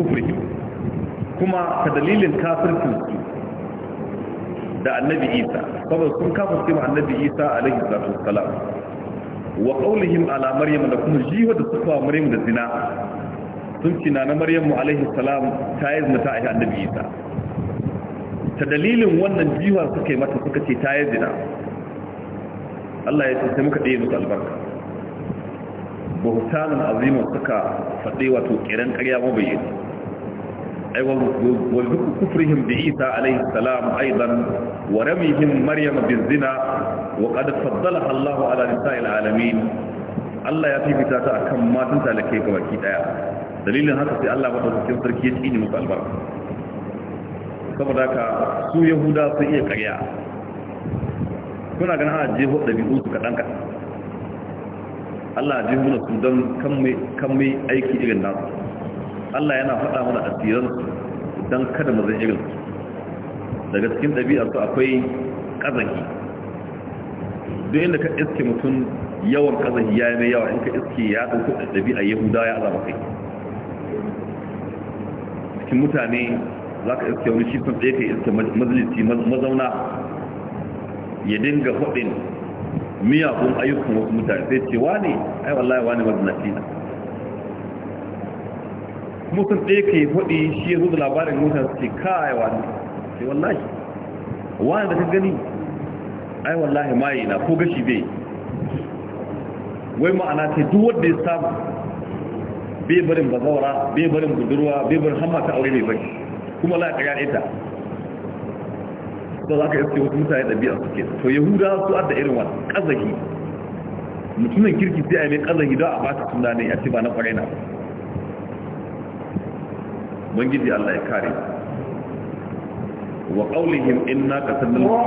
kufrihim kuma ta dalilin kafircin su da annabi isa saboda sun kafirce ma annabi isa alaihi salatu wassalam wa qawlihim ala maryam da kuma jiwa da suka maryam da zina sun ci na maryam alaihi salam ta yi zina a aiha annabi isa ta dalilin wannan jiwa suka yi mata suka ce ta yi zina Allah ya sai muka ɗaya musu albarka bautanin azimin suka faɗe wato ƙiran ƙarya mabayyana أي وكفرهم بعيسى عليه السلام أيضا ورميهم مريم بالزنا وقد فضلها الله على نساء العالمين الله يفي بتاتا أكم ما تنسى لكي كواكي دايا دليل هذا في الله وتوكيل تركي يجيني مس البركة saboda ka su yahuda sun iya karya kuna ganin ana jeho ɗabi'un su kaɗan kaɗan Allah ya jeho na su don kan mai aiki irin nasu Allah yana faɗa mana tsirar don kada mazan irin daga cikin ɗabi'arsu akwai ƙazanki duk inda ka iske mutum yawan ƙazanki ya yi mai yawa in ka iske ya ɗauko ɗabi'ar yahuda ya alama kai cikin mutane za ka iske wani shi ɗaya ka iske majalisi mazauna ya dinga faɗin miyagun ayyukan wasu mutane sai ce wane ai wallahi wane mazinaci na mutum ɗaya ka yi faɗi shi ya zo labarin mota su ce kai wani sai wallahi wani da ka gani ai wallahi ma yi na ko gashi bai wai ma'ana ta duk wanda ya samu bai barin bazawara bai barin budurwa bai barin hamma ta aure mai bari kuma la ka yaɗe ta to za ka yi wasu mutane ɗabi'a suke to yahuda su adda irin wani ƙazahi mutumin kirki sai a yi mai kazahi don a ba ta suna ne a ce ba na kwarai na ubangiji Allah ya kare wa qawlihim inna qatalna wa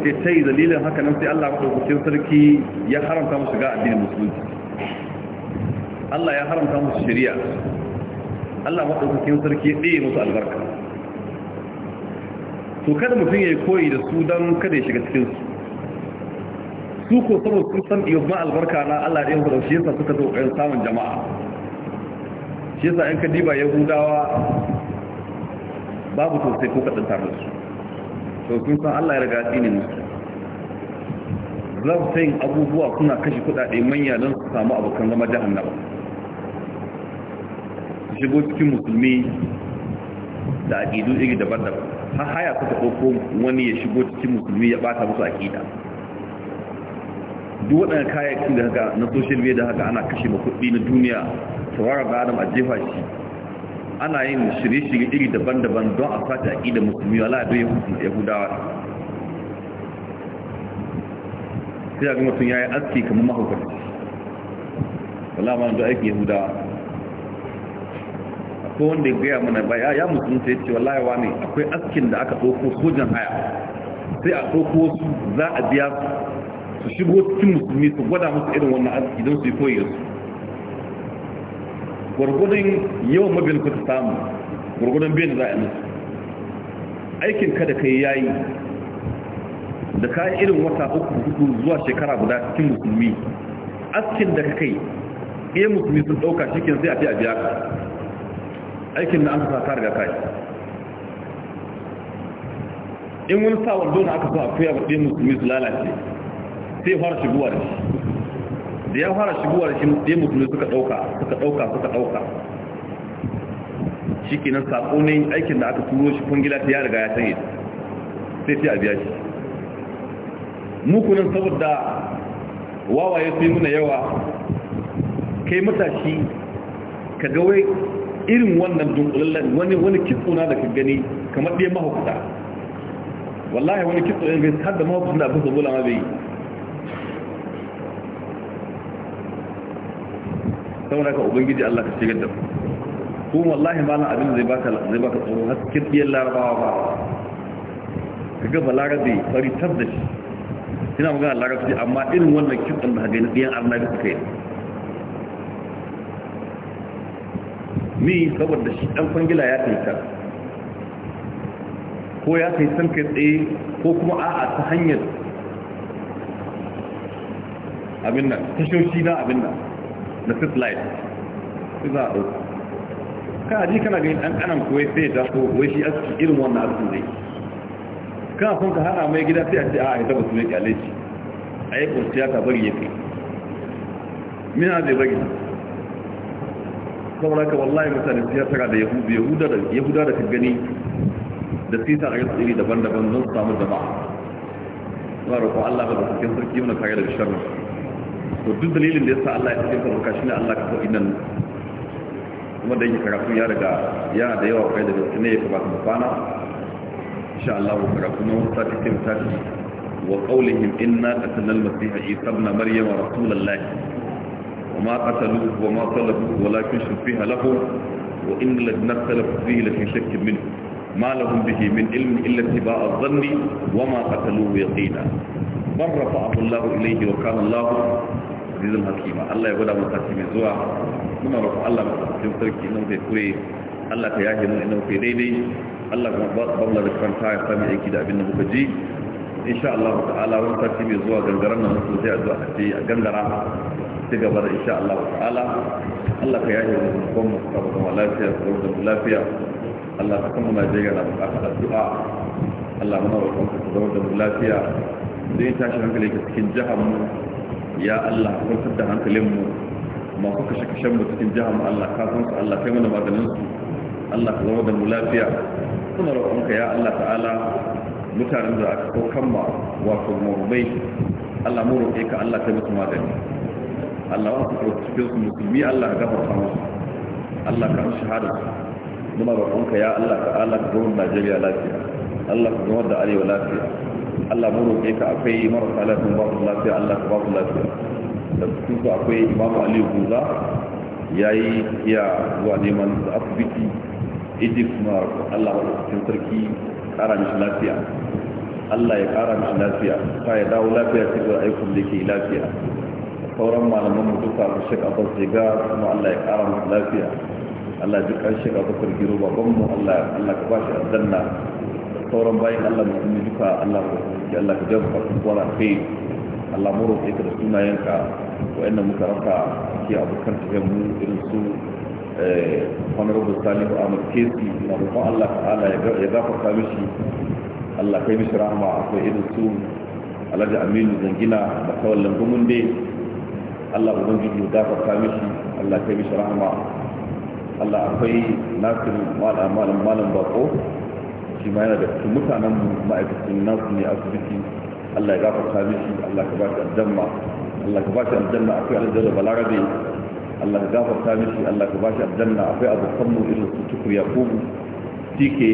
kasance ta yi dalilin haka nan sai Allah maɗaukacin sarki ya haramta musu ga addinin musulunci Allah ya haramta musu shari'a Allah maɗaukacin sarki ya ɗaya musu albarka to kada mutum ya yi koyi da su don kada ya shiga cikinsu su ko saboda sun san iya ma albarka na Allah ɗaya musu shi yasa suka zo ƙayan samun jama'a shi yasa ‘yan kadiba yahudawa babu sosai ko kaɗan tare da su to kun san Allah ya ne. tsini zan zafin abubuwa kuna kashe kudade manya don su samu abokan zama jahannama shigo cikin musulmi da aƙidu iri daban-daban har haya kuka ɗauko wani ya shigo cikin musulmi ya ɓata musu aƙida duk waɗanda kayayyakin da haka na social media haka ana kashe ma na duniya tsawara ga adam a jefa shi ana yin shirye-shirye iri daban-daban don a fata aƙidar musulmi wala da yahudawa sai a gama tun ya yi aski kamar mahaukata wala ma da aiki yahudawa akwai wanda ya gaya mana ba ya musulunta ya ce wala yawa ne akwai askin da aka ɗauko sojan haya sai a ɗauko su za a biya su shigo cikin musulmi su gwada musu irin wannan aski don su yi koyi su gwargwadon yawan mabiyan ku ta samu gwargwadon biyan za a musu aikin kada kai yayi da ka irin wata uku hudu zuwa shekara guda cikin musulmi askin da ka kai iya musulmi sun dauka shikin sai a fi a biya ka aikin da an kasa ta riga kai in wani sa wando na aka zuwa a fiya ba ɗin musulmi su lalace sai fara shigowa da shi da ya fara shigowa da shi dai mutum suka dauka suka dauka suka dauka nan sako ne aikin da aka turo shi kungila ta yara riga ya sanye sai sai a biya shi mu kunan saboda wawaye su yi muna yawa kai matashi ka ga wai irin wannan dunkulallen wani wani kitso na da ka gani kamar ɗaya mahaukata wallahi wani kitso gani har da mahaukuta na abin sabula ma bai yi saboda ka ubangiji Allah ka shigar da ku ku wallahi malam abin zai baka zai baka tsoro har kirdiyar larabawa ba kaga balarabe fari tabda shi ina magana larabci amma irin wannan kirkan da hagani ɗiyan arnabi suka yi ni saboda shi ɗan kwangila ya taita ko ya kai san kai tsaye ko kuma a'a ta hanyar abin nan tashoshi na abin nan na fifth light su za a ɗauka ka ji kana gani ɗan ƙanan kuwai sai ya taso wai shi aski irin wannan askin zai kana son ka hana mai gida sai a ce a ya taba su mai kyale shi a yi ƙunciya ka bari ya kai mina zai bari saboda ka wallahi mutane siya tara da yahuda da ka gani da sisa a yasa iri daban-daban don samu jama'a. Zuwa roƙon Allah ba da cikin sarki yana kare da sharri. to duk dalilin da yasa Allah ya fice ka shi ne Allah ka faɗi nan kuma da yake karatu ya riga yana da yawa kai da gaske ne ya kamata mu kwana insha Allah karatu na wata cikin tashi wa qawlihim inna qatalna al-masih isa ibn maryam rasulullahi وما قتلوه وما طلبوه ولكن شبه لهم وإن الذين اختلفوا فيه لفي شك منه ما لهم به من علم إلا اتباع الظن وما قتلوه يقينا بل رفعه الله إليه وكان الله azizul hakima Allah ya gwada mu sati mai zuwa muna roƙon Allah mu cikin sarki nan zai kure Allah ka yahe mu ina kai daidai Allah kuma ba mu da kanta ya sami aiki da abin da muka ji insha Allah ta'ala mun sati mai zuwa gangaran nan su sai a zuwa a gangara ci gaba da insha Allah ta'ala Allah ka yahe mu kuma mu ka ba lafiya da lafiya Allah ka kuma Najeriya na buƙatar addu'a Allah muna roƙon ka zama da lafiya zai tashi hankali cikin jihar mu ya Allah kwantar da hankalinmu masu kashe-kashen mu cikin jihar mu Allah ka san su Allah kai mana maganin su Allah ka zama da mu lafiya suna roƙonka ya Allah ta'ala mutanen da aka kokan ma wato murmai Allah mu roƙe ka Allah kai musu magani Allah wa ku cikin su musulmi Allah ka gafarta musu Allah ka an shahada muna roƙonka ya Allah ta'ala ka zama Najeriya lafiya Allah ka zama da Arewa lafiya Allah mu roƙe ka akwai marasa lafiya ba su lafiya Allah ka ba su lafiya da cikin su akwai Imam Aliyu Guza yi iya zuwa neman da asibiti Egypt kuma Allah wa cikin sarki ƙara mishi lafiya Allah ya ƙara mishi lafiya ka ya dawo lafiya cikin aikin da yake lafiya sauran malaman mu duka su Sheikh Abbas Jega kuma Allah ya ƙara mishi lafiya Allah ya ji ƙarshe ga bakar giro babanmu Allah Allah ka ba shi aljanna sauran bayan Allah musulmi duka Allah ko ya Allah ka jabu kafin kwara kai Allah mu roƙe ka da sunayenka wa'annan muka raka ke abokan ta mu irin su eh, honorable salihu ahmad kesi na roƙon Allah ta'ala ya gafarta mishi Allah kai mishi rahama akwai irin su alhaji aminu zangina da kawal langumin dai Allah ubangiji ya gafarta mishi Allah kai mishi rahama Allah akwai nasiru malam malam bako shi ma yana da cikin mutanen ma'aikacin nasu ne asibiti Allah ya gafarta mishi Allah ka ba shi aljanna Allah ka ba shi aljanna akwai aljanna balarabe Allah ka gafarta mishi Allah ka ba shi aljanna akwai abokan mu irin su tukur yakubu tike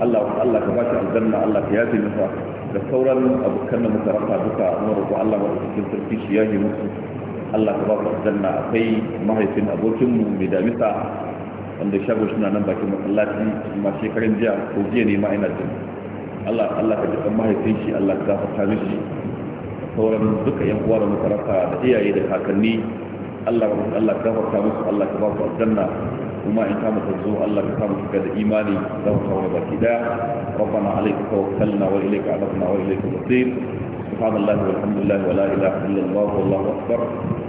Allah Allah ka ba shi aljanna Allah ka yafe masa da sauran abokan da muka rasa duka mu roƙo Allah mu cikin sarki shi yaje musu Allah ka ba su aljanna akwai mahaifin abokinmu mai damisa wanda shago suna nan bakin masallaci amma shekarun jiya ko jiya ne ma jin Allah Allah ka jikan mahaifin shi Allah ka gafarta mishi sauran duka yan uwa da a da iyaye da kakanni Allah Allah ka gafarta musu Allah ka ba su aljanna kuma in kama ta zo Allah ka samu shiga da imani za mu wani baki ربنا عليك توكلنا واليك واليك المصير سبحان الله والحمد لله ولا اله الا الله والله اكبر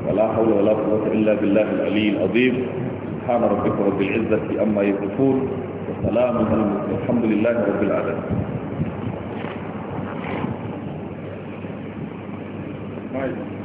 ولا حول ولا قوه الا بالله العلي العظيم سبحان ربك رب العزة أما يصفون وسلام والحمد لله رب العالمين you.